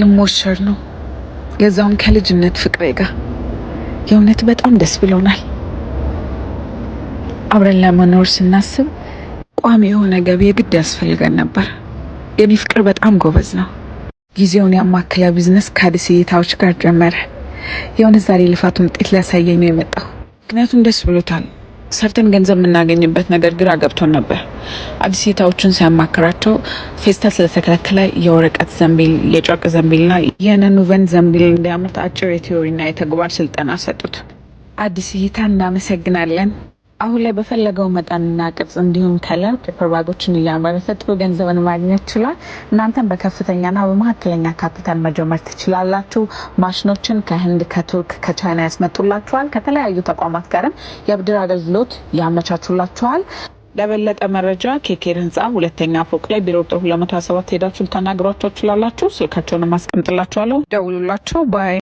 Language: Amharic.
ልሞሸር ነው። የዛውን ከልጅነት ፍቅሬ ጋር የእውነት በጣም ደስ ብሎናል። አብረን ለመኖር ስናስብ ቋሚ የሆነ ገቢ የግድ ያስፈልገን ነበር። የኔ ፍቅር በጣም ጎበዝ ነው። ጊዜውን ያማከለ ቢዝነስ ከአዲስ እይታዎች ጋር ጀመረ። የእውነት ዛሬ ልፋቱን ውጤት ሊያሳየኝ ነው የመጣው፣ ምክንያቱም ደስ ብሎታል። ሰርተን ገንዘብ የምናገኝበት ነገር ግራ ገብቶን ነበር። አዲስ አዲስታዎችን ሲያማክራቸው ፌስታል ስለተከለከለ የወረቀት ዘንቢል፣ የጨርቅ ዘንቢልና የነኑቨን ዘንቢል እንዲያመርት አጭር ና የተግባር ስልጠና ሰጡት። አዲስ አዲስታ እናመሰግናለን። አሁን ላይ በፈለገው መጠንና ቅርጽ እንዲሁም ከለር ፔፐር ባጎችን እያመረተ ጥሩ ገንዘብን ማግኘት ችሏል። እናንተም በከፍተኛና በመካከለኛ ካፒታል መጀመር ትችላላችሁ። ማሽኖችን ከህንድ፣ ከቱርክ፣ ከቻይና ያስመጡላችኋል። ከተለያዩ ተቋማት ጋርም የብድር አገልግሎት ያመቻቹላችኋል። ለበለጠ መረጃ ኬኬር ህንፃ ሁለተኛ ፎቅ ላይ ቢሮ ቁጥር 217 ሄዳችሁ ልታናግሯቸው ትችላላችሁ። ስልካቸውን አስቀምጥላችኋለሁ። ደውሉላቸው ባይ